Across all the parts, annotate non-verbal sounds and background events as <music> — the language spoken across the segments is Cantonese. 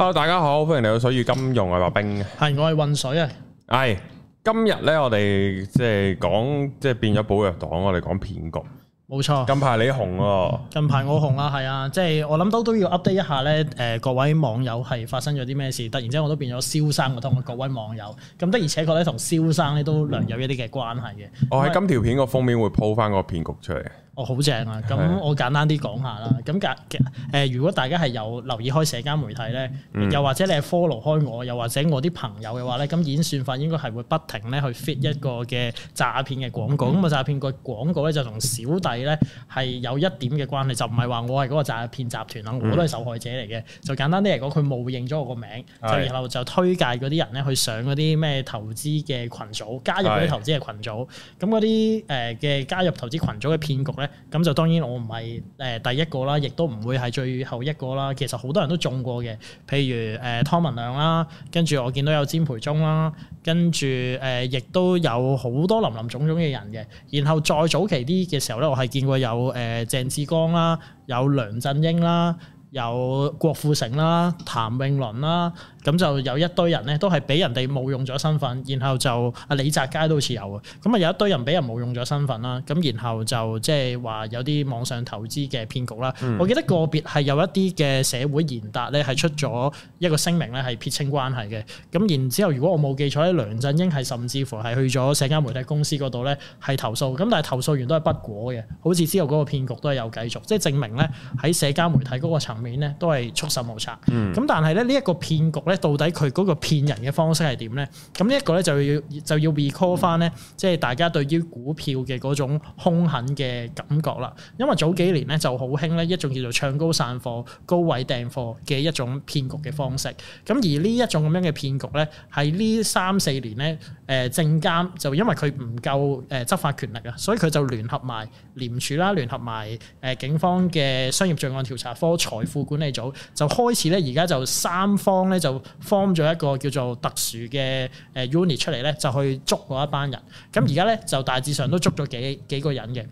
Hello，大家好，歡迎嚟到水與金融啊，白兵。係，我係混水啊。係，今日咧，我哋即係講，即係變咗寶藥黨，我哋講騙局。冇錯。近排你紅啊？近排我紅啦，係啊，即係我諗到都要 update 一下咧。誒，各位網友係發生咗啲咩事？突然之間我都變咗蕭生，同各位網友。咁，的而且確咧，同蕭生咧都略有一啲嘅關係嘅。我喺今條片個封面會鋪翻個騙局出嚟。哦，好正啊！咁我簡單啲講下啦。咁假，誒，如果大家係有留意開社交媒體咧，又或者你係 follow 開我，又或者我啲朋友嘅話咧，咁演算法應該係會不停咧去 fit 一個嘅詐騙嘅廣告。咁啊，詐騙個廣告咧就同小弟咧係有一點嘅關係，就唔係話我係嗰個詐騙集團啦，我都係受害者嚟嘅。就簡單啲嚟講，佢冒認咗我個名，就是的 然後就推介嗰啲人咧去上嗰啲咩投資嘅群組，加入嗰啲投資嘅群組。咁嗰啲誒嘅加入投資群組嘅騙局。咁就當然我唔係誒第一個啦，亦都唔會係最後一個啦。其實好多人都中過嘅，譬如誒湯、呃、文亮啦，跟住我見到有詹培忠啦，跟住誒亦都有好多林林總總嘅人嘅。然後再早期啲嘅時候咧，我係見過有誒、呃、鄭志剛啦，有梁振英啦，有郭富城啦，譚詠麟啦。咁就有一堆人咧，都係俾人哋冒用咗身份，然後就阿李澤楷都好似有啊。咁啊，有一堆人俾人冒用咗身份啦。咁然後就即係話有啲網上投資嘅騙局啦。嗯、我記得個別係有一啲嘅社會賢達咧，係出咗一個聲明咧，係撇清關係嘅。咁然之後，如果我冇記錯咧，梁振英係甚至乎係去咗社交媒體公司嗰度咧，係投訴。咁但係投訴完都係不果嘅。好似之後嗰個騙局都係有繼續，即係證明咧喺社交媒體嗰個層面咧，都係束手無策。咁、嗯、但係咧，呢一個騙局到底佢嗰個騙人嘅方式係點咧？咁呢一個咧就要就要 recall 翻咧，即係大家對於股票嘅嗰種兇狠嘅感覺啦。因為早幾年咧就好興咧一種叫做唱高散貨、高位訂貨嘅一種騙局嘅方式。咁而呢一種咁樣嘅騙局咧，係呢三四年咧，誒、呃、證監就因為佢唔夠誒執法權力啊，所以佢就聯合埋廉署啦，聯合埋誒警方嘅商業罪案調查科、財富管理組，就開始咧而家就三方咧就。form 咗一個叫做特殊嘅誒 unit 出嚟咧，就去捉嗰一班人。咁而家咧就大致上都捉咗幾幾個人嘅。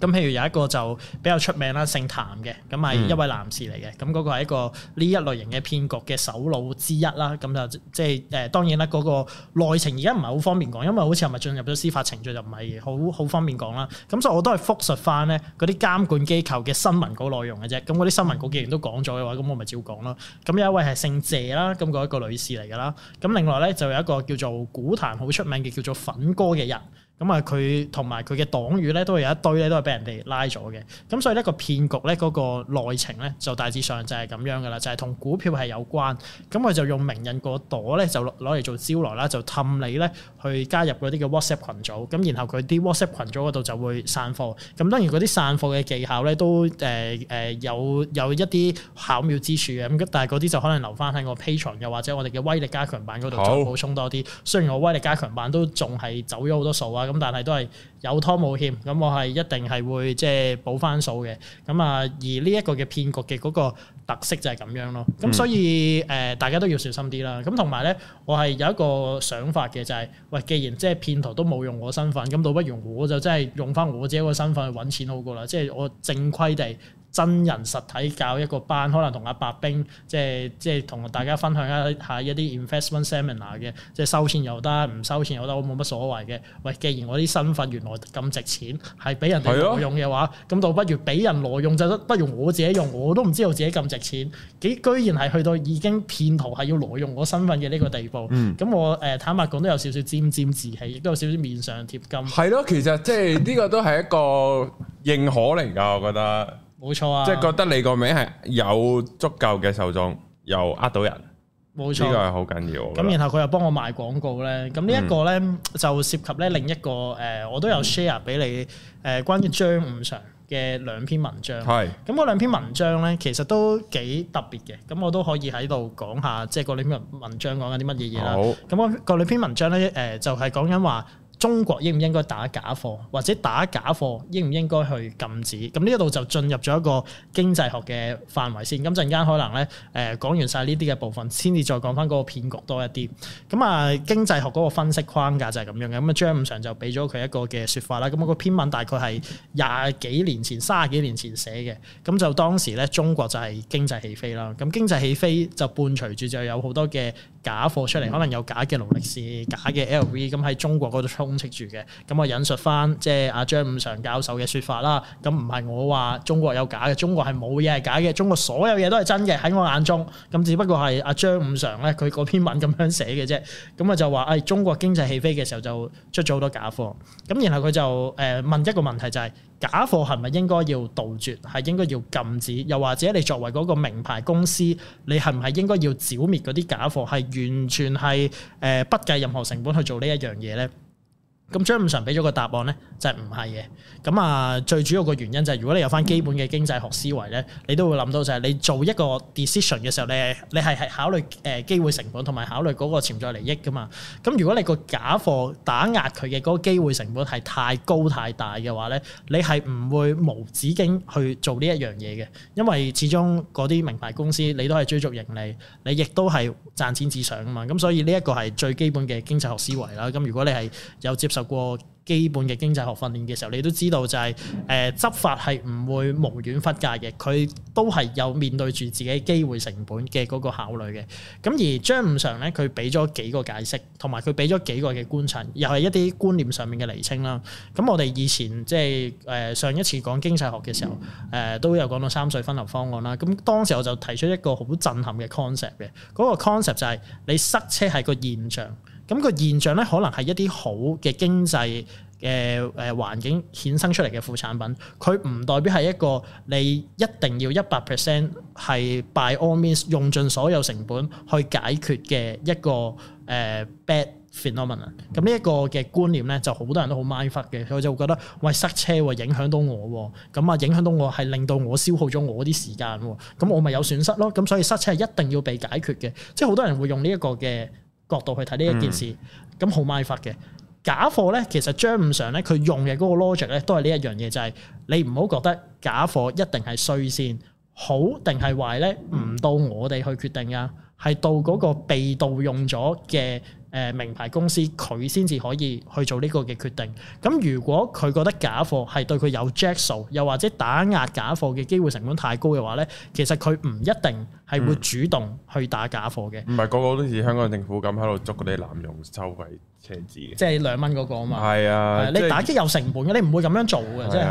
咁譬如有一個就比較出名啦，姓譚嘅，咁係一位男士嚟嘅，咁嗰個係一個呢一類型嘅騙局嘅首腦之一啦。咁就即係誒，當然啦，嗰個內情而家唔係好方便講，因為好似係咪進入咗司法程序就唔係好好方便講啦。咁所以我都係複述返呢嗰啲監管機構嘅新聞稿內容嘅啫。咁嗰啲新聞稿既然都講咗嘅話，咁我咪照講咯。咁有一位係姓謝啦，咁嗰一個女士嚟噶啦。咁另外咧就有一個叫做古譚好出名嘅叫做粉哥嘅人。咁啊，佢同埋佢嘅黨羽咧，都有一堆咧，都係畀人哋拉咗嘅。咁所以咧，個騙局咧，嗰個內情咧，就大致上就係咁樣噶啦，就係、是、同股票係有關。咁佢就用名人個朵咧，就攞嚟做招來啦，就氹你咧去加入嗰啲嘅 WhatsApp 群組。咁然後佢啲 WhatsApp 群組嗰度就會散貨。咁當然嗰啲散貨嘅技巧咧，都誒誒有有一啲巧妙之處嘅。咁但係嗰啲就可能留翻喺我 Patreon 又或者我哋嘅威力加強版嗰度好再補充多啲。雖然我威力加強版都仲係走咗好多數啊。咁但係都係有拖冇欠，咁我係一定係會即係補翻數嘅。咁啊，而呢一個嘅騙局嘅嗰個特色就係咁樣咯。咁、嗯、所以誒，大家都要小心啲啦。咁同埋咧，我係有一個想法嘅，就是，就係喂，既然即係騙徒都冇用我身份，咁倒不如我就真係用翻我自己個身份去搵錢好過啦。即、就、係、是、我正規地。真人實體教一個班，可能同阿白兵即係即係同大家分享一下一啲 investment seminar 嘅，即係收錢又得，唔收錢又得，我冇乜所謂嘅。喂，既然我啲身份原來咁值錢，係俾人哋挪用嘅話，咁對、哦、倒不如俾人挪用就得，不如我自己用。我都唔知道自己咁值錢。幾居然係去到已經騙徒係要挪用我身份嘅呢個地步，咁、嗯、我誒坦白講都有少少沾沾自喜，亦都有少少面上貼金。係咯、哦， <laughs> 其實即係呢個都係一個認可嚟㗎，我覺得。冇錯啊！即係覺得你個名係有足夠嘅受眾，又呃到人，冇錯呢個係好緊要。咁然後佢又幫我賣廣告咧。咁呢一個咧就涉及咧另一個誒，我都有 share 俾你誒，關於張五常嘅兩篇文章。係。咁嗰兩篇文章咧，其實都幾特別嘅。咁我都可以喺度講下，即係嗰兩篇文章講緊啲乜嘢嘢啦。好。咁嗰嗰兩篇文章咧，誒就係講緊話。中國應唔應該打假貨，或者打假貨應唔應該去禁止？咁呢一度就進入咗一個經濟學嘅範圍先。咁陣間可能咧，誒、呃、講完晒呢啲嘅部分，先至再講翻嗰個騙局多一啲。咁啊，經濟學嗰個分析框架就係咁樣嘅。咁啊，張五常就俾咗佢一個嘅説法啦。咁個篇文大概係廿幾年前、三十幾年前寫嘅。咁就當時咧，中國就係經濟起飛啦。咁經濟起飛就伴隨住就有好多嘅。假貨出嚟，可能有假嘅勞力士、假嘅 LV，咁喺中國嗰度充斥住嘅。咁我引述返即係阿張五常教授嘅説法啦。咁唔係我話中國有假嘅，中國係冇嘢係假嘅。中國所有嘢都係真嘅喺我眼中。咁只不過係阿張五常咧，佢嗰篇文咁樣寫嘅啫。咁我就話誒、哎，中國經濟起飛嘅時候就出咗好多假貨。咁然後佢就誒、呃、問一個問題就係、是。假貨係咪應該要杜絕，係應該要禁止？又或者你作為嗰個名牌公司，你係唔係應該要剿滅嗰啲假貨？係完全係誒、呃、不計任何成本去做一呢一樣嘢咧？咁張五常俾咗個答案咧，就係唔係嘅。咁啊，最主要個原因就係如果你有返基本嘅經濟學思維咧，你都會諗到就係你做一個 decision 嘅時候，你你係係考慮誒機會成本同埋考慮嗰個潛在利益㗎嘛。咁如果你個假貨打壓佢嘅嗰個機會成本係太高太大嘅話咧，你係唔會無止境去做呢一樣嘢嘅，因為始終嗰啲名牌公司你都係追逐盈利，你亦都係賺錢至上啊嘛。咁所以呢一個係最基本嘅經濟學思維啦。咁如果你係有接受過基本嘅經濟學訓練嘅時候，你都知道就係誒執法係唔會無遠弗屆嘅，佢都係有面對住自己機會成本嘅嗰個考慮嘅。咁而張五常咧，佢俾咗幾個解釋，同埋佢俾咗幾個嘅觀察，又係一啲觀念上面嘅厘清啦。咁我哋以前即係誒、呃、上一次講經濟學嘅時候，誒、呃、都有講到三隧分流方案啦。咁當時我就提出一個好震撼嘅 concept 嘅，嗰、那個 concept 就係、是、你塞車係個現象。咁個現象咧，可能係一啲好嘅經濟嘅誒環境衍生出嚟嘅副產品，佢唔代表係一個你一定要一百 percent 係 by all means 用盡所有成本去解決嘅一個誒、uh, bad phenomenon。咁呢一個嘅觀念咧，就好多人都好 mindful 嘅，佢就會覺得喂，塞車喎，影響到我喎，咁啊影響到我係令到我消耗咗我啲時間喎，咁我咪有損失咯。咁所以塞車係一定要被解決嘅，即係好多人會用呢一個嘅。角度去睇呢一件事，咁好 m i 嘅假貨咧，其實張五常咧佢用嘅嗰個 logic 咧，都係呢一樣嘢，就係、是、你唔好覺得假貨一定係衰先好定係壞咧，唔到我哋去決定啊，係、嗯、到嗰個被盜用咗嘅。誒名牌公司佢先至可以去做呢個嘅決定。咁如果佢覺得假貨係對佢有着數，又或者打壓假貨嘅機會成本太高嘅話咧，其實佢唔一定係會主動去打假貨嘅。唔係、嗯、個個都似香港政府咁喺度捉嗰啲濫用收費、車子嘅，即係兩蚊嗰個啊嘛。係啊，啊就是、你打擊有成本嘅，你唔會咁樣做嘅，啊、即係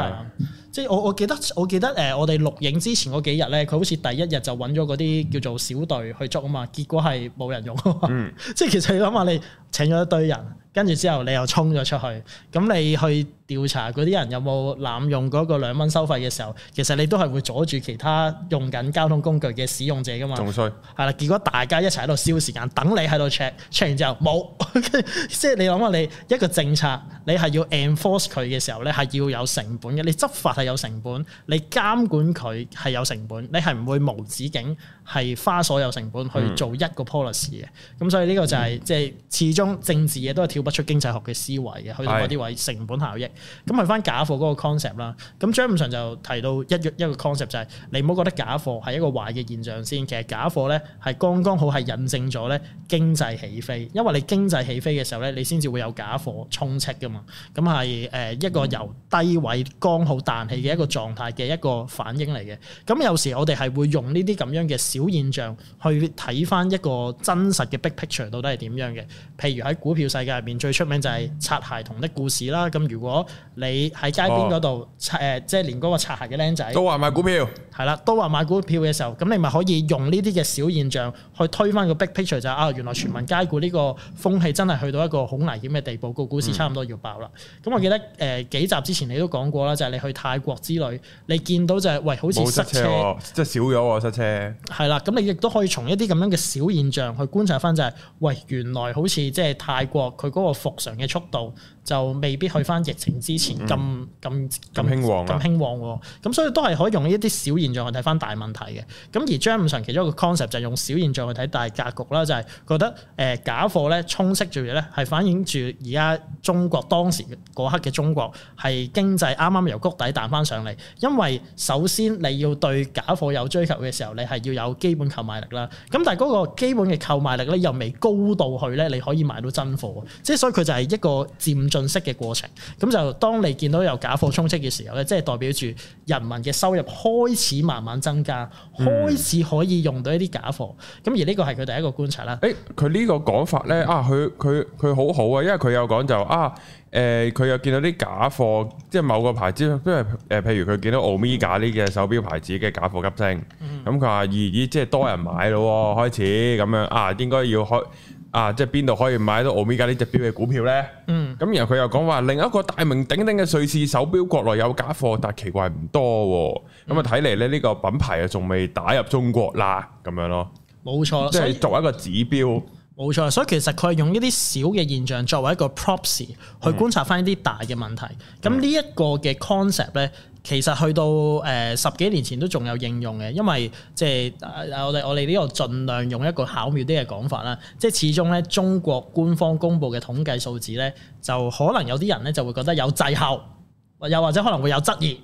是。 <laughs> 即係我我記，我記得我記得誒我哋錄影之前嗰幾日咧，佢好似第一日就揾咗嗰啲叫做小隊去捉啊嘛，結果係冇人用嘛。嗯、即係其實你諗下，你請咗一堆人。跟住之後，你又衝咗出去，咁你去調查嗰啲人有冇濫用嗰個兩蚊收費嘅時候，其實你都係會阻住其他用緊交通工具嘅使用者噶嘛？仲衰係啦！結果大家一齊喺度消時間，等你喺度 check check 完之後冇， <laughs> 即係你諗下，你一個政策，你係要 enforce 佢嘅時候咧，係要有成本嘅。你執法係有成本，你監管佢係有成本，你係唔會無止境。係花所有成本去做一個 policy 嘅，咁、嗯、所以呢個就係即係始終政治嘢都係跳不出經濟學嘅思維嘅，去到嗰啲位成本效益。咁去返假貨嗰個 concept 啦。咁張五常就提到一一個 concept 就係、是、你唔好覺得假貨係一個壞嘅現象先，其實假貨咧係剛剛好係印證咗咧經濟起飛，因為你經濟起飛嘅時候咧，你先至會有假貨充斥噶嘛。咁係誒一個由低位剛好彈起嘅一個狀態嘅一個反應嚟嘅。咁有時我哋係會用呢啲咁樣嘅。小現象去睇翻一個真實嘅 big picture 到底係點樣嘅？譬如喺股票世界入邊最出名就係擦鞋童的故事啦。咁如果你喺街邊嗰度，誒、哦呃、即係連嗰個擦鞋嘅僆仔都話買股票，係啦、嗯，都話買股票嘅時候，咁你咪可以用呢啲嘅小現象去推翻個 big picture 就啊，原來全民皆股呢個風氣真係去到一個好危險嘅地步，個股市差唔多要爆啦。咁、嗯、我記得誒、呃、幾集之前你都講過啦，就係、是、你去泰國之旅，你見到就係、是、喂好似塞車，即係少咗塞車。係啦，咁你亦都可以從一啲咁樣嘅小現象去觀察翻，就係、是，喂，原來好似即係泰國佢嗰個復常嘅速度。就未必去翻疫情之前咁咁咁興旺咁興旺喎，咁所以都係可以用一啲小現象去睇翻大問題嘅。咁而張五常其中一個 concept 就係用小現象去睇大格局啦，就係、是、覺得誒、呃、假貨咧充斥住咧，係反映住而家中國當時嗰刻嘅中國係經濟啱啱由谷底彈翻上嚟。因為首先你要對假貨有追求嘅時候，你係要有基本購買力啦。咁但係嗰個基本嘅購買力咧，又未高到去咧，你可以買到真貨。即係所以佢就係一個漸。進息嘅過程，咁就當你見到有假貨充斥嘅時候咧，嗯、即係代表住人民嘅收入開始慢慢增加，嗯、開始可以用到一啲假貨。咁而呢個係佢第一個觀察啦。誒、欸，佢呢個講法咧，啊，佢佢佢好好啊，因為佢有講就啊，誒、呃，佢又見到啲假貨，即係某個牌子，都係誒，譬如佢見到奧米茄呢嘅手錶牌子嘅假貨急升，咁佢話咦，即係多人買咯、啊，嗯、開始咁樣啊，應該要開。啊！即係邊度可以買到奧米加呢隻表嘅股票呢？嗯，咁然後佢又講話另一個大名鼎鼎嘅瑞士手錶，國內有假貨，但奇怪唔多、哦。咁啊、嗯，睇嚟咧呢個品牌啊，仲未打入中國啦，咁樣咯。冇錯，即係作為一個指標。冇錯，所以其實佢係用呢啲小嘅現象作為一個 proxy 去觀察翻啲大嘅問題。咁呢一個嘅 concept 呢。其實去到誒、呃、十幾年前都仲有應用嘅，因為即、就、係、是呃、我哋我哋呢度盡量用一個巧妙啲嘅講法啦。即、就、係、是、始終咧，中國官方公布嘅統計數字咧，就可能有啲人咧就會覺得有滯後，又或者可能會有質疑。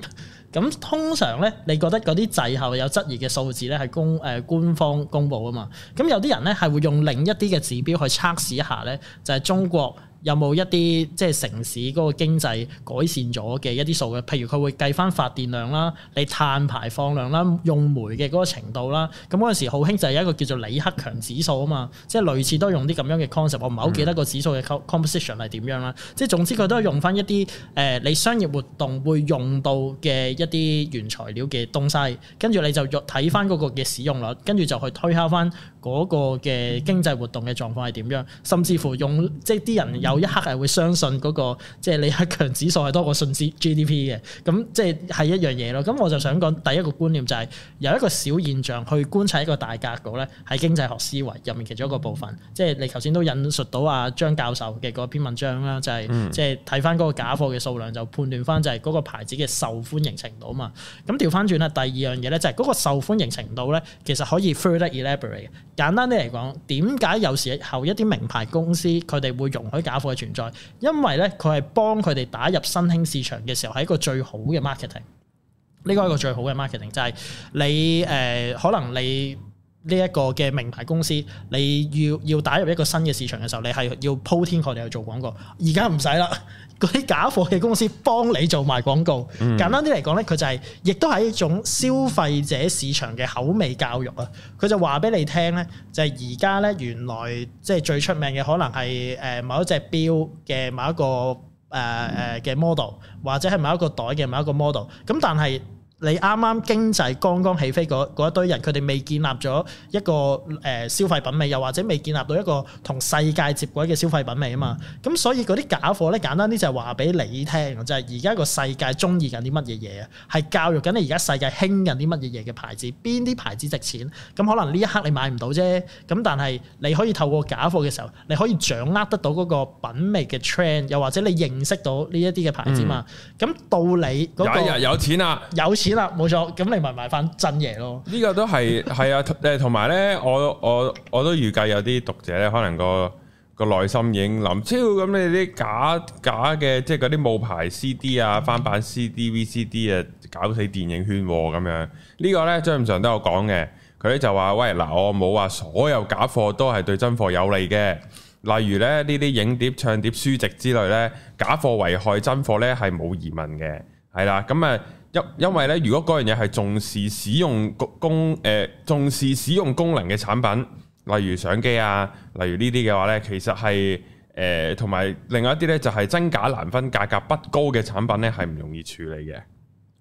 咁 <laughs> 通常咧，你覺得嗰啲滯後有質疑嘅數字咧係公誒、呃、官方公布啊嘛。咁有啲人咧係會用另一啲嘅指標去測試一下咧，就係、是、中國。有冇一啲即係城市嗰個經濟改善咗嘅一啲數嘅？譬如佢會計翻發電量啦，你碳排放量啦，用煤嘅嗰個程度啦，咁嗰陣時好興就係一個叫做李克強指數啊嘛，即係類似都用啲咁樣嘅 concept。我唔係好記得個指數嘅 composition 係點樣啦，即係總之佢都係用翻一啲誒、呃、你商業活動會用到嘅一啲原材料嘅東西，跟住你就睇翻嗰個嘅使用率，跟住就去推敲翻。嗰個嘅經濟活動嘅狀況係點樣，甚至乎用即係啲人有一刻係會相信嗰、那個，即係李克強指數係多過信資 GDP 嘅，咁即係係一樣嘢咯。咁我就想講第一個觀念就係、是、有一個小現象去觀察一個大格局咧，喺經濟學思維入面其中一個部分。即係你頭先都引述到阿張教授嘅嗰篇文章啦，就係即係睇翻嗰個假貨嘅數量，就判斷翻就係嗰個牌子嘅受歡迎程度啊嘛。咁調翻轉啦，第二樣嘢咧就係、是、嗰個受歡迎程度咧，其實可以 further elaborate。簡單啲嚟講，點解有時候一啲名牌公司佢哋會容許假貨嘅存在？因為咧，佢係幫佢哋打入新興市場嘅時候係一個最好嘅 marketing。呢個係一個最好嘅 marketing，就係、是、你誒、呃、可能你呢一個嘅名牌公司，你要要打入一個新嘅市場嘅時候，你係要鋪天蓋地去做廣告。而家唔使啦。嗰啲假貨嘅公司幫你做埋廣告，mm hmm. 簡單啲嚟講咧，佢就係，亦都係一種消費者市場嘅口味教育啊！佢就話俾你聽咧，就係而家咧，原來即係最出名嘅可能係誒某一隻表嘅某一個誒誒嘅 model，或者係某一個袋嘅某一個 model，咁但係，你啱啱經濟剛剛起飛嗰一堆人，佢哋未建立咗一個誒消費品味，又或者未建立到一個同世界接軌嘅消費品味啊嘛。咁、嗯、所以嗰啲假貨咧，簡單啲就係話俾你聽就係而家個世界中意緊啲乜嘢嘢啊，係教育緊你而家世界興緊啲乜嘢嘢嘅牌子，邊啲牌子值錢？咁可能呢一刻你買唔到啫。咁但係你可以透過假貨嘅時候，你可以掌握得到嗰個品味嘅 trend，又或者你認識到呢一啲嘅牌子嘛。咁道理，嗰、嗰個有啊、哎、有錢啊有錢。啦冇錯，咁你咪買翻真嘢咯。呢個都係係啊，誒同埋呢，我我我都預計有啲讀者咧，可能個個內心影林超咁，你啲假假嘅即係嗰啲冒牌 CD 啊、翻版 CD、VCD 啊，搞死電影圈咁、啊、樣。呢、呢個呢，張五常都有講嘅，佢呢就話：喂，嗱、呃，我冇話所有假貨都係對真貨有利嘅。例如咧呢啲影碟、唱碟、書籍之類呢，假貨危害真貨呢係冇疑問嘅。係啦，咁啊、嗯，因因為咧，如果嗰樣嘢係重視使用功、誒、呃、重視使用功能嘅產品，例如相機啊，例如呢啲嘅話咧，其實係誒，同埋另外一啲咧就係真假難分、價格不高嘅產品咧，係唔容易處理嘅。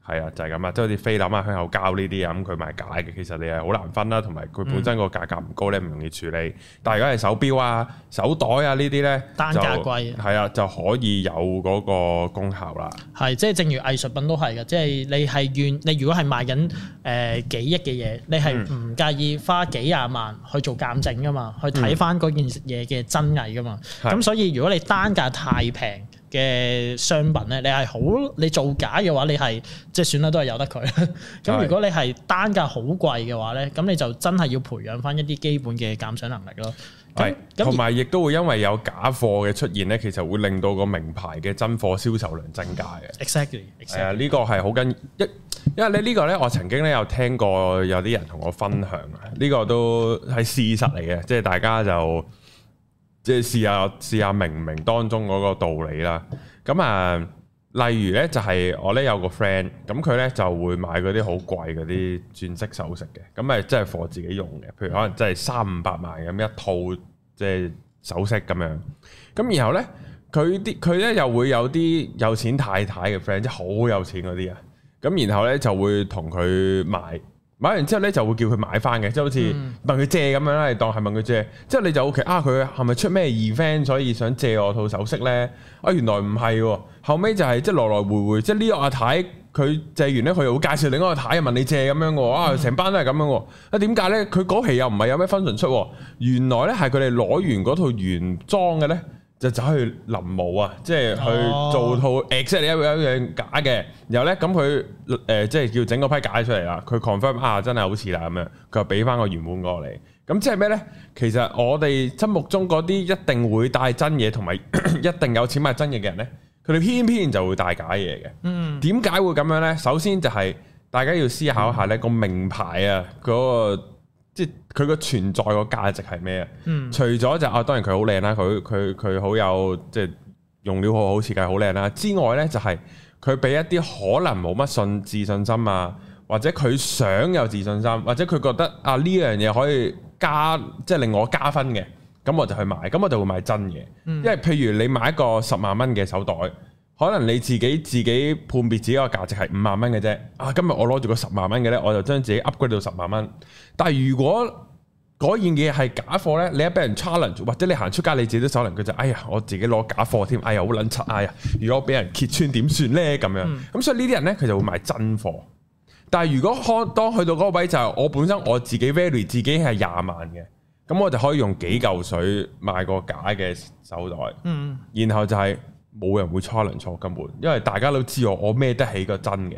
係啊，就係咁啊，即係好似菲林啊、香口膠呢啲啊，咁佢賣假嘅，其實你係好難分啦。同埋佢本身個價格唔高咧，唔容易處理。但係如果係手錶啊、手袋啊呢啲咧，單價貴，係啊，就可以有嗰個功效啦。係，即係正如藝術品都係嘅，即係你係願你如果係賣緊誒幾億嘅嘢，你係唔介意花幾廿萬去做鑑證噶嘛？去睇翻嗰件嘢嘅真偽噶嘛？咁所以如果你單價太平，嘅商品咧，你係好你造假嘅話，你係即係算啦，都係由得佢。咁的如果你係單價好貴嘅話咧，咁你就真係要培養返一啲基本嘅鑑賞能力咯。係的，同埋亦都會因為有假貨嘅出現咧，其實會令到個名牌嘅真貨銷售量增加嘅。Exactly，係 exactly .呢、啊呢個係好緊要，因為咧呢個咧，我曾經咧有聽過有啲人同我分享啊，呢、呢個都係事實嚟嘅，即、就、係、是、大家就。即係試下試下明唔明當中嗰個道理啦。咁啊，例如呢，就係我呢有個 friend，咁佢呢就會買嗰啲好貴嗰啲鑽石首飾嘅，咁啊即係貨自己用嘅。譬如可能即係三五百萬咁一套即係首飾咁樣。咁然後呢，佢啲佢呢又會有啲有錢太太嘅 friend，即係好有錢嗰啲啊。咁然後呢，就會同佢買。買完之後咧，就會叫佢買翻嘅，即係好似問佢借咁樣啦，嗯、當係問佢借。之後你就 OK 啊，佢係咪出咩 event 所以想借我套首飾咧？啊，原來唔係喎，後尾就係即係來來回回，即係呢個阿太佢借完咧，佢又會介紹另一個阿太，太，太問你借咁樣喎。啊，成班都係咁樣喎。啊，點解咧？佢、啊、嗰期又唔係有咩 function 出？原來咧係佢哋攞完嗰套原裝嘅咧。就走去臨摹啊，即係去做套 exactly、oh. 一樣假嘅，然後咧，咁佢誒即係要整個批假出嚟、啊、啦。佢 confirm 下，真係好似啦咁樣，佢又俾翻個原本過嚟。咁即係咩咧？其實我哋心目中嗰啲一定會帶真嘢同埋一定有錢買真嘢嘅人咧，佢哋偏偏就會帶假嘢嘅。嗯，點解會咁樣咧？首先就係大家要思考下咧個名牌啊，嗰個。即係佢個存在個價值係咩啊？嗯，除咗就啊，當然佢好靚啦，佢佢佢好有即係用料好好，設計好靚啦之外咧，就係佢俾一啲可能冇乜信自信心啊，或者佢想有自信心，或者佢覺得啊呢樣嘢可以加即係、就是、令我加分嘅，咁我就去買，咁我就會買真嘢，因為譬如你買一個十萬蚊嘅手袋。可能你自己自己判別自己個價值係五萬蚊嘅啫，啊！今日我攞住個十萬蚊嘅呢，我就將自己 upgrade 到十萬蚊。但係如果嗰件嘢係假貨呢，你一俾人 challenge，或者你行出街你自己都手能，佢就哎呀，我自己攞假貨添，哎呀好撚柒，哎呀，如果俾人揭穿點算呢？咁樣？咁、嗯嗯、所以呢啲人呢，佢就會買真貨。但係如果可當去到嗰位就係我本身我自己 value 自己係廿萬嘅，咁我就可以用幾嚿水買個假嘅手袋，嗯，然後就係、是。冇人會 challenge 錯根本，因為大家都知我我孭得起個真嘅，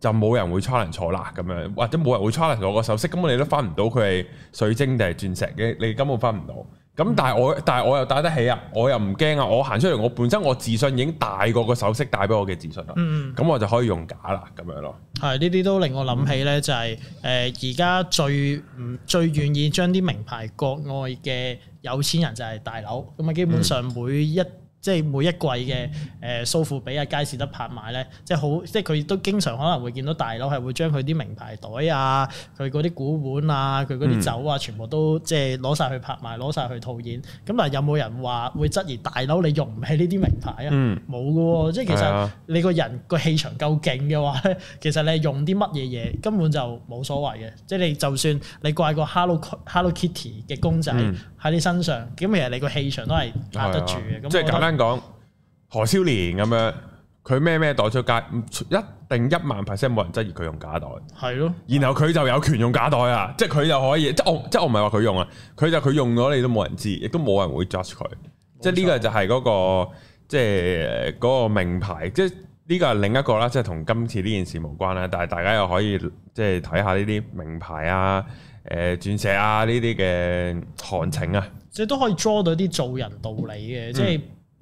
就冇人會 challenge 錯啦咁樣，或者冇人會 challenge 我個首飾，根本你都分唔到佢係水晶定係鑽石嘅，你根本分唔到。咁但係我但係我又戴得起啊，我又唔驚啊，我行出嚟我本身我自信已經大過個首飾帶俾我嘅自信啦。咁、嗯、我就可以用假啦咁樣咯。係呢啲都令我諗起呢、就係，就係誒而家最唔最願意將啲名牌國外嘅有錢人就係大佬，咁啊基本上每一。即係每一季嘅誒蘇富比啊、佳士得拍賣咧，即係好，即係佢都經常可能會見到大佬係會將佢啲名牌袋啊、佢嗰啲古碗啊、佢嗰啲酒啊，全部都即係攞晒去拍賣、攞晒去套現。咁但係有冇人話會質疑大佬你用唔起呢啲名牌啊？冇㗎喎， <music> 嗯、即係其實你個人個氣場夠勁嘅話咧，其實你係你用啲乜嘢嘢根本就冇所謂嘅。即係你就算你掛個 Hello Hello Kitty 嘅公仔喺你身上，咁其實你個氣場都係壓得住嘅。咁。嗯香港何超蓮咁樣，佢咩咩袋出街，一定一萬 percent 冇人質疑佢用假袋，係咯的。然後佢就有權用假袋啊，即係佢就可以，即我即係我唔係話佢用啊，佢就佢用咗，你都冇人知，亦都冇人會 judge 佢。錯即係呢個就係嗰、那個，即係嗰、那個名牌。即係呢、這個係另一個啦，即係同今次呢件事無關啦。但係大家又可以即係睇下呢啲名牌啊，誒、呃，鑽石啊呢啲嘅行情啊，即係都可以捉到啲做人道理嘅，即係。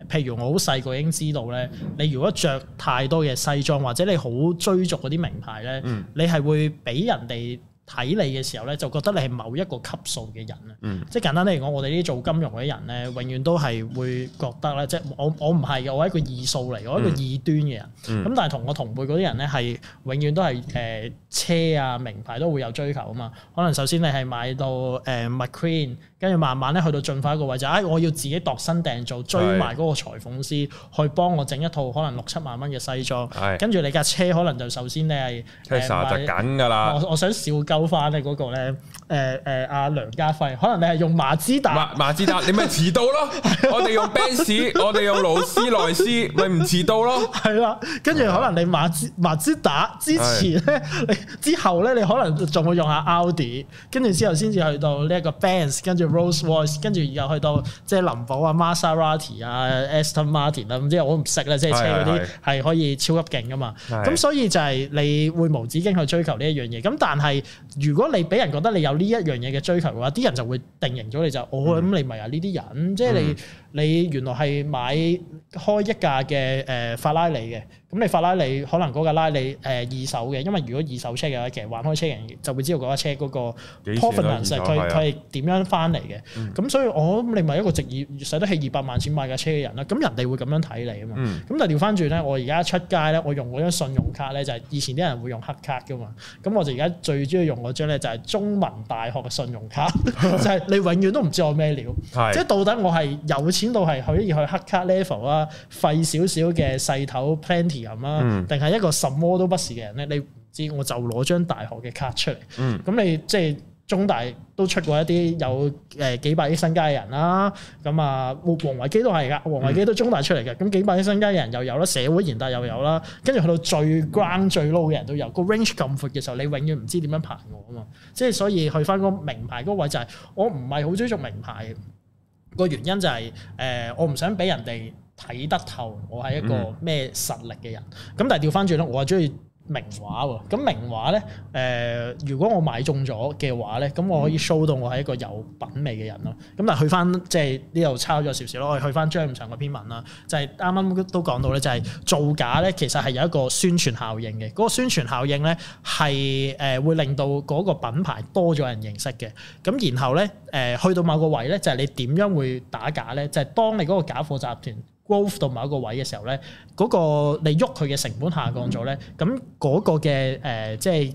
譬如我好細個已經知道咧，你如果著太多嘅西裝，或者你好追逐嗰啲名牌咧，嗯、你係會俾人哋，睇你嘅時候咧，就覺得你係某一個級數嘅人啊！嗯、即係簡單啲嚟講，我哋呢啲做金融嘅人咧，永遠都係會覺得咧，即、就是、我我唔係又我一個異數嚟，我一個異端嘅人。咁、嗯、但係同我同輩嗰啲人咧，係永遠都係誒、呃、車啊名牌都會有追求啊嘛。可能首先你係買到誒、呃、McQueen，跟住慢慢咧去到進化一個位就，哎我要自己度身訂造，追埋嗰個裁縫師是去幫我整一套可能六七萬蚊嘅西裝，跟住是你架車可能就首先你係 t e s 啦是，我我想少價。走翻你嗰個咧，誒誒阿梁家輝，可能你係用馬自達，馬自達你咪遲到咯。 <laughs> 我哋用 Benz 我哋用勞斯萊斯，咪唔 <laughs> 遲到咯。係啦，跟住可能你馬自馬自達之前咧，的之後咧你可能仲會用下 Audi，跟住之後先至去到呢一個 Benz 跟住 Rolls Royce 跟住又去到即係林寶啊、Maserati 啊、Aston Martin 啊。咁即係我唔識咧，即係車嗰啲係可以超級勁㗎嘛。咁所以就係你會無止境去追求呢一樣嘢，咁但係。但如果你俾人覺得你有呢一樣嘢嘅追求嘅話，啲人就會定型咗你就，哦、嗯，咁你咪係呢啲人，即係你、嗯、你原來係買開一架嘅誒、呃、法拉利嘅。咁、嗯、你法拉利可能嗰架拉利誒、呃、二手嘅，因為如果二手車嘅話，其實玩開車人就會知道嗰架車嗰個 provenance，佢佢係點樣翻嚟嘅。咁、嗯、所以我、哦、你咪一個職業，使得起二百萬錢買架車嘅人啦。咁人哋會咁樣睇你啊嘛。咁、嗯、但係調翻轉咧，我而家出街咧，我用嗰張信用卡咧，就係以前啲人會用黑卡噶嘛。咁我就而家最中意用嗰張咧，就係中文大學嘅信用卡， <laughs> 就係你永遠都唔知我咩料。即係 <laughs> 到底我係有錢到係可以去黑卡 level 啊，費少少嘅細頭。plan。人啦，定係、嗯、一個什麼都不是嘅人咧？你唔知我就攞張大學嘅卡出嚟，咁、嗯、你即係中大都出過一啲有誒幾百億身家嘅人啦。咁啊，王王維基都係噶，王維基都中大出嚟嘅。咁幾百億身家嘅人又有啦，社會賢達又有啦，跟住去到最 ground 最 low 嘅人都有。那個 range 咁闊嘅時候，你永遠唔知點樣排我啊嘛。即係所以去翻個名牌嗰位就係、是，我唔係好追逐名牌。個原因就係、是、誒、呃，我唔想俾人哋。睇得透，我係一個咩實力嘅人。咁、嗯、但係調翻轉咧，我又中意名畫喎。咁名畫咧，誒、呃，如果我買中咗嘅話咧，咁我可以 show 到我係一個有品味嘅人咯。咁、嗯、但係去翻即係呢度抄咗少少咯。我哋去翻張五常嘅篇文啦，就係啱啱都講到咧，就係造假咧，其實係有一個宣傳效應嘅。嗰、那個宣傳效應咧，係誒會令到嗰個品牌多咗人認識嘅。咁然後咧，誒、呃、去到某個位咧，就係、是、你點樣會打假咧？就係、是、當你嗰個假貨集團。growth 到某一個位嘅時候咧，嗰、嗰個你喐佢嘅成本下降咗咧，咁、嗰、嗰個嘅誒、呃、即係。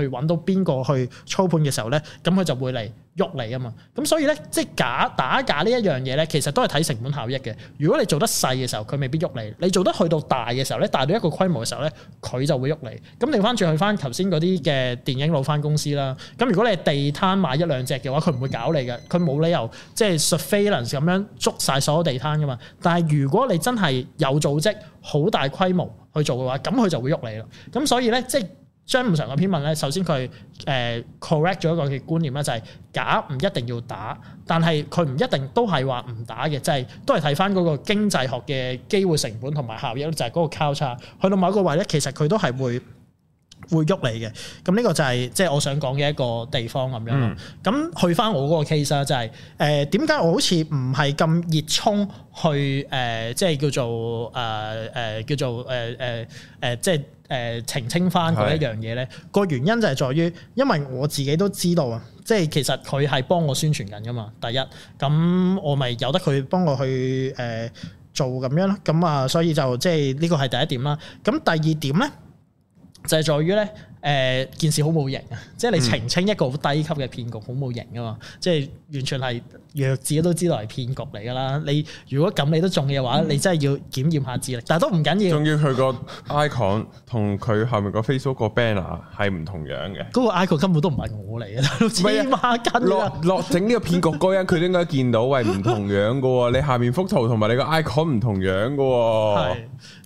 去揾到邊個去操盤嘅時候咧，咁佢就會嚟喐你啊嘛。咁所以咧，即係假打假呢一樣嘢咧，其實都係睇成本效益嘅。如果你做得細嘅時候，佢未必喐你；你做得去到大嘅時候咧，大到一個規模嘅時候咧，佢就會喐你。咁你翻轉去翻頭先嗰啲嘅電影老翻公司啦。咁如果你係地攤買一兩隻嘅話，佢唔會搞你嘅，佢冇理由即係 surveillance 咁樣捉曬所有地攤噶嘛。但係如果你真係有組織、好大規模去做嘅話，咁佢就會喐你啦。咁所以咧，即係。張五常個篇文咧，首先佢誒 correct 咗一個嘅觀念啦，就係、是、假唔一定要打，但係佢唔一定都係話唔打嘅，即、就、係、是、都係睇翻嗰個經濟學嘅機會成本同埋效益就係、是、嗰個交叉。去到某一個位咧，其實佢都係會會喐你嘅。咁呢個就係即係我想講嘅一個地方咁樣咯。咁去翻我嗰個 case 啦，就係誒點解我好似唔係咁熱衷去誒、呃，即係叫做誒誒、呃、叫做誒誒誒即係。誒澄清翻嗰一樣嘢咧，個原因就係在於，因為我自己都知道啊，即係其實佢係幫我宣傳緊噶嘛。第一，咁我咪由得佢幫我去誒做咁樣咯。咁啊，所以就即係呢個係第一點啦。咁第二點咧，就係在於咧。誒、呃、件事好冇型啊！即係你澄清一個好低級嘅騙局，好冇、嗯、型啊嘛！即係完全係弱智都知道係騙局嚟噶啦！你如果咁你都中嘅話，嗯、你真係要檢驗下智力，但係都唔緊要。仲要佢個 icon 同佢後面個 Facebook 個 banner 係唔同樣嘅。個 icon 根本都唔係我嚟嘅，都黐孖筋落整呢個騙局嗰人，佢、啊、應該見到喂唔同樣嘅喎。 <laughs> 你下面幅圖同埋你個 icon 唔同樣嘅喎。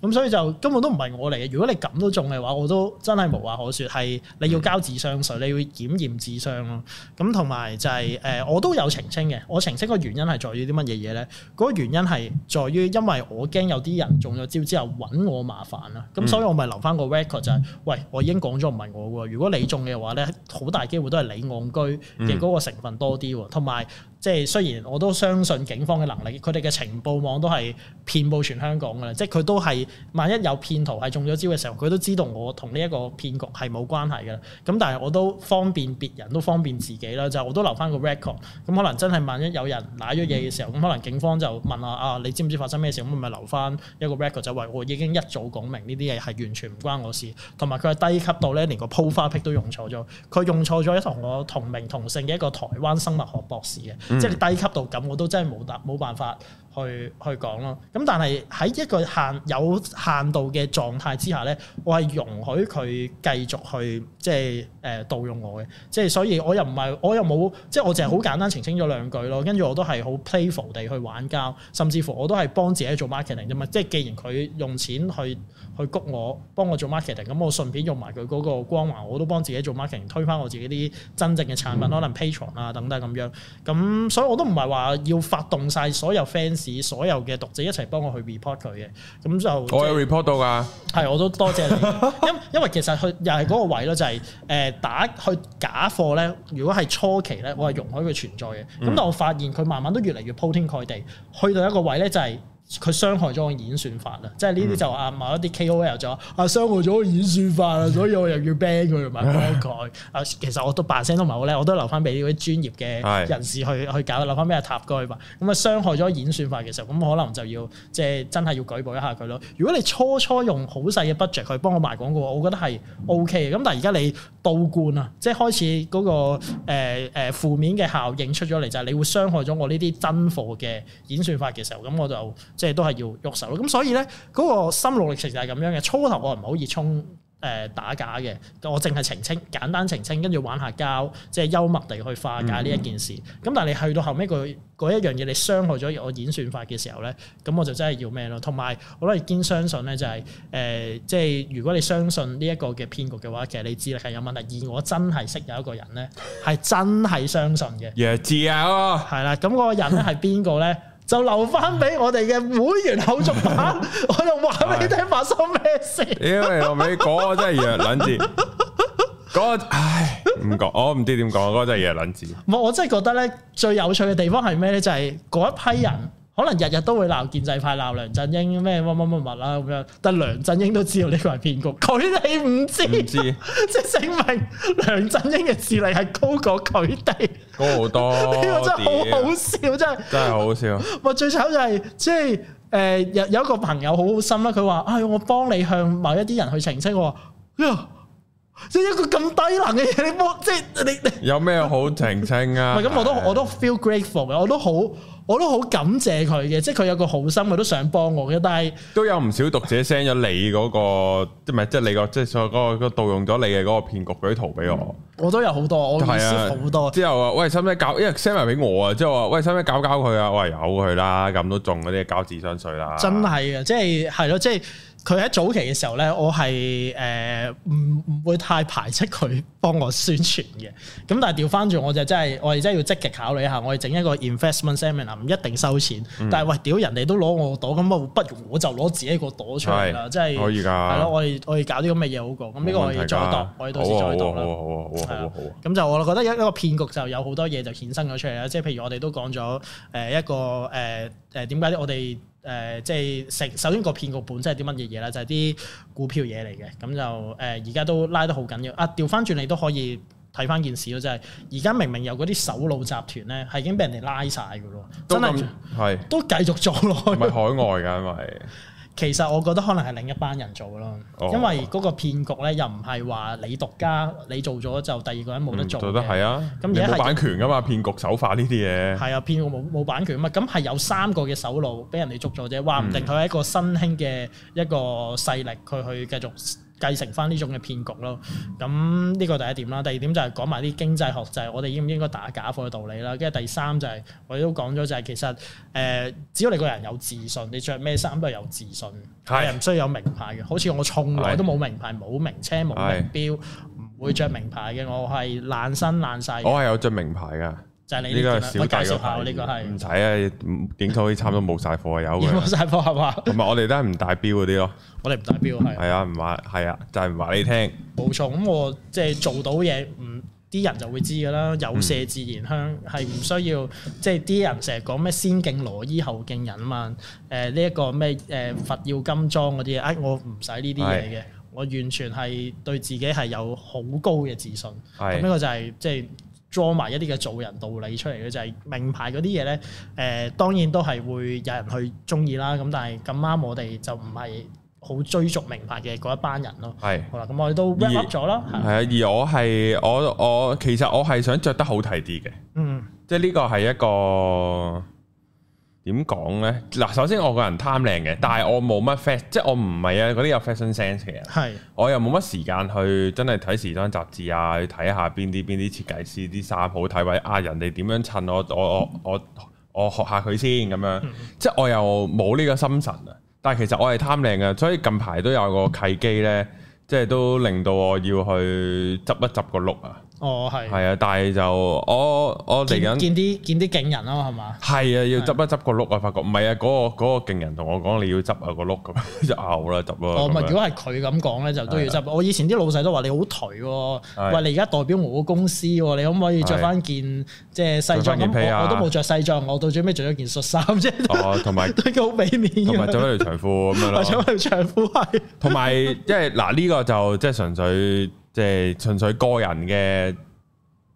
咁，所以就根本都唔係我嚟嘅。如果你咁都中嘅話我都真係無話可說。 <laughs> 係你要交智商稅，你要檢驗智商咯。咁同埋就係、是、誒、呃，我都有澄清嘅。我澄清原、個原因係在於啲乜嘢嘢咧？嗰個原因係在於，因為我驚有啲人中咗招之後揾我麻煩啦。咁所以我咪留翻個 record 就係、是，喂，我已經講咗唔係我嘅。如果你中嘅話咧，好大機會都係你戇居嘅嗰個成分多啲，同埋。即係雖然我都相信警方嘅能力，佢哋嘅情報網都係遍布全香港㗎啦。即係佢都係萬一有騙徒係中咗招嘅時候，佢都知道我同呢一個騙局係冇關係㗎啦。咁但係我都方便別人都方便自己啦，就是、我都留翻個 record。咁可能真係萬一有人攋咗嘢嘅時候，咁可能警方就問啊啊，你知唔知發生咩事？咁咪留翻一個 record 就話我已經一早講明呢啲嘢係完全唔關我事。同埋佢係低級到咧，連個 p 花癖都用錯咗，佢用錯咗一同我同名同姓嘅一個台灣生物學博士嘅。即係低級到咁，我都真係冇得冇辦法。去去講咯，咁但係喺一個限有限度嘅狀態之下咧，我係容許佢繼續去即係誒盜用我嘅，即係所以我又唔係我又冇即係我淨係好簡單澄清咗兩句咯，跟住我都係好 playful 地去玩交，甚至乎我都係幫自己做 marketing 啫嘛，即係既然佢用錢去去谷我幫我做 marketing，咁我順便用埋佢嗰個光環我都幫自己做 marketing 推翻我自己啲真正嘅產品，可能 Patreon 啊等等咁樣，咁所以我都唔係話要發動晒所有 fans。所有嘅讀者一齊幫我去 report 佢嘅，咁就我有 report 到㗎。係， <laughs> 我都多謝你。因因為其實佢又係嗰個位咯，就係、是、誒打去假貨咧。如果係初期咧，我係容許佢存在嘅。咁、嗯、但我發現佢慢慢都越嚟越鋪天蓋地，去到一個位咧，就係、是。佢傷害咗個演算法啊！即係呢啲就阿某一啲 KOL 咗，話、嗯：阿傷害咗個演算法啊，所以我又要 ban 佢同埋封佢。啊， <laughs> 其實我都扮聲都唔係好叻，我都留翻俾啲專業嘅人士去去搞，留翻俾阿塔哥去吧。咁啊，傷害咗演算法嘅時候，咁可能就要即係、就是、真係要舉報一下佢咯。如果你初初用好細嘅 budget 去幫我賣廣告，我覺得係 OK 嘅。咁但係而家你倒灌啊，即係開始嗰、那個誒誒、呃呃、負面嘅效應出咗嚟，就係你會傷害咗我呢啲真貨嘅演算法嘅時候，咁我就。即係都係要喐手咯，咁所以咧嗰、那個心路歷程就係咁樣嘅。初頭我唔好易衝誒打假嘅，我淨係澄清，簡單澄清，跟住玩下膠，即係幽默地去化解呢一件事。咁、嗯、但係你去到後尾個嗰一樣嘢，你傷害咗我演算法嘅時候咧，咁我就真係要咩咯？同埋我都係堅相信咧、就是，就係誒，即係如果你相信呢一個嘅騙局嘅話，其實你智力係有問題。而我真係識有一個人咧，係真係相信嘅。弱智啊！哦，係啦，咁嗰個人咧係邊個咧？ <laughs> 就留翻俾我哋嘅會員口述版， <laughs> 我就話俾你聽 <laughs> 發生咩事。因為美國真係弱撚智，嗰 <laughs> 、嗰個唉唔講，我唔知點講，嗰、嗰個真係弱撚智。唔係，我真係覺得咧，最有趣嘅地方係咩咧？就係、是、嗰一批人。嗯可能日日都會鬧建制派鬧梁振英咩乜乜乜物啦咁樣，但梁振英都知道呢個係騙局，佢哋唔知，即證 <laughs> 明梁振英嘅智力係高過佢哋，高好多呢個 <laughs> 真係好好笑，真係真係好笑。咪最慘就係即係誒有有一個朋友好好心啦，佢話啊我幫你向某一啲人去澄清，我話呀、哎、一個咁低能嘅嘢，你幫即、即係、你,你有咩好澄清啊？唔係咁 <laughs> 我都我都,我都 feel grateful 嘅，我都好。 <laughs> 我都好感謝佢嘅，即係佢有個好心，佢都想幫我嘅，但係都有唔少讀者 send 咗你嗰個，即係即係你、即係嗰個，即係所有嗰個，嗰盜用咗你嘅嗰個騙局嗰啲圖俾我。我都有好多，我見識好多。之後啊，喂，使唔使搞？因為 send 埋俾我啊，之後話，喂，使唔使搞搞佢啊？我話有佢啦，咁都中嗰啲智商稅啦。真係啊，即係係咯，即係。佢喺早期嘅時候咧，我係誒唔唔會太排斥佢幫我宣傳嘅。咁但係調翻轉，我就真係我哋真係要積極考慮一下，我哋整一個 investment seminar，唔一定收錢。嗯、但係喂，屌人哋都攞我個朵，咁我不如我就攞自己個朵出嚟啦。即係是、就是、可以㗎，係咯。我哋我哋搞啲咁嘅嘢好過。咁呢個我哋再度，我哋到時再度啦。係啊，咁就我覺得一個騙局就有好多嘢就衍生咗出嚟啦。即、就、係、是、譬如我哋都講咗誒一個誒誒點解我哋。誒、呃，即係成首先個騙局本身係啲乜嘢嘢啦，就係、是、啲股票嘢嚟嘅，咁就誒而家都拉得好緊要啊！調翻轉你都可以睇翻件事咯，就係而家明明有嗰啲首腦集團咧，係已經俾人哋拉晒㗎咯，真係的係是都繼續做落去？唔係海外㗎， <laughs> 因為。其實我覺得可能係另一班人做咯，因為嗰個騙局咧又唔係話你獨家，你做咗就第二個人冇得做嘅。得係啊！咁而家冇版權噶嘛，騙局手法呢啲嘢。係啊，騙局冇冇版權嘛。咁係有三個嘅手路俾人哋捉咗啫，話唔定佢係一個新興嘅一個勢力，佢去繼續。繼承翻呢種嘅騙局咯，咁呢個第一點啦。第二點就係講埋啲經濟學，就係、是、我哋應唔應該打假貨嘅道理啦。跟住第三就係、是，我哋都講咗就係、是、其實誒、呃，只要你個人有自信，你着咩衫都有自信，係唔是需要有名牌嘅。好似我從來都冇名牌、冇是名車、冇名錶，唔是會着名牌嘅。我係爛身爛世，我係有着名牌㗎。就係你呢個，可小介紹下呢個係唔使啊，點解可以差唔多冇晒貨有？冇晒貨係嘛？同埋我哋都係唔帶標嗰啲咯。我哋唔帶標係係啊，唔話係啊，就係唔話你聽。冇錯，咁我即係做到嘢，唔啲人就會知㗎啦。有麝自然香係唔需要，即係啲人成日講咩先敬羅衣後敬人啊嘛？誒呢一個咩誒佛要金裝嗰啲嘢，誒，我唔使呢啲嘢嘅，我完全係對自己係有好高嘅自信。係咁呢個就係即係。裝埋一啲嘅做人道理出嚟嘅就係、是、名牌嗰啲嘢咧，誒、呃、當然都係會有人去中意啦。咁但係咁啱我哋就唔係好追逐名牌嘅嗰一班人咯。係是，好啦，咁我哋都 wrap up 咗咯。係啊而，是而我係我我其實我係想着得好睇啲嘅，嗯，即係呢個係一個。點講呢？嗱，首先我個人貪靚嘅，嗯、但係我冇乜 f 即係我唔係啊嗰啲有 fashion sense 嘅人，是我又冇乜時間去真係睇時裝雜誌啊，去睇下邊啲邊啲設計師啲衫好睇，或者啊人哋點樣襯我，我我我我學下佢先咁樣，即係、嗯、我又冇呢個心神啊。但係其實我係貪靚嘅，所以近排都有個契機呢，即、就、係、是、都令到我要去執一執個 look 啊。哦，係。係啊，但係就我我嚟緊見啲見啲勁人咯，係嘛？係啊，要執一執個碌啊，發覺唔係啊，嗰個嗰個勁人同我講你要執下個碌咁就牛啦執咯。哦，咪如果係佢咁講咧，就都要執。我以前啲老細都話你好頹喎，喂你而家代表我公司喎，你可唔可以著翻件即係西裝？著件皮啊！我，我都冇著西裝，我到最尾著咗件恤衫啫。哦，同埋都好俾面。同埋著一條長褲咁樣啦。著條長褲係。同埋即係嗱呢個就即係純粹。 <laughs> 即係純粹個人嘅，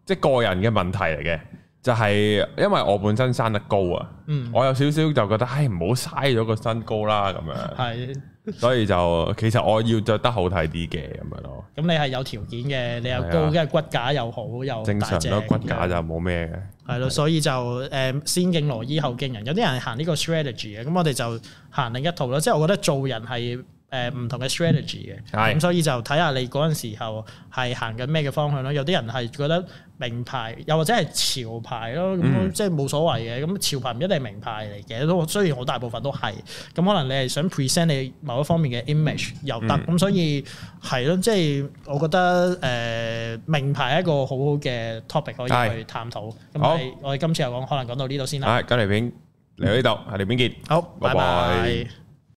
即係個人嘅問題嚟嘅，就係、是、因為我本身生得高啊，嗯、我有少少就覺得，唉，唔好嘥咗個身高啦咁樣。係，所以就其實我要着得好睇啲嘅咁樣咯。咁你係有條件嘅，你又高嘅骨架又好又大隻。正常咯，骨架就冇咩嘅。係咯，所以就誒先敬羅衣後敬人，有啲人係行呢個 strategy 嘅，咁我哋就行另一套咯。即係我覺得做人係。誒唔、嗯、同嘅 strategy 嘅、嗯，咁、嗯、所以就睇下你嗰陣時候係行緊咩嘅方向咯。有啲人係覺得名牌，又或者係潮牌咯，咁、嗯嗯、即係冇所謂嘅。咁潮牌唔一定係名牌嚟嘅，都雖然我大部分都係。咁、嗯嗯、可能你係想 present 你某一方面嘅 image 又得、嗯。咁、嗯、所以係咯，即係、就是、我覺得誒、呃、名牌係一個好好嘅 topic，可以去探討。咁、嗯嗯、我哋今次又講可能講到呢度先啦。係、嗯，嚟日嚟到呢度，係李炳傑。好，拜拜。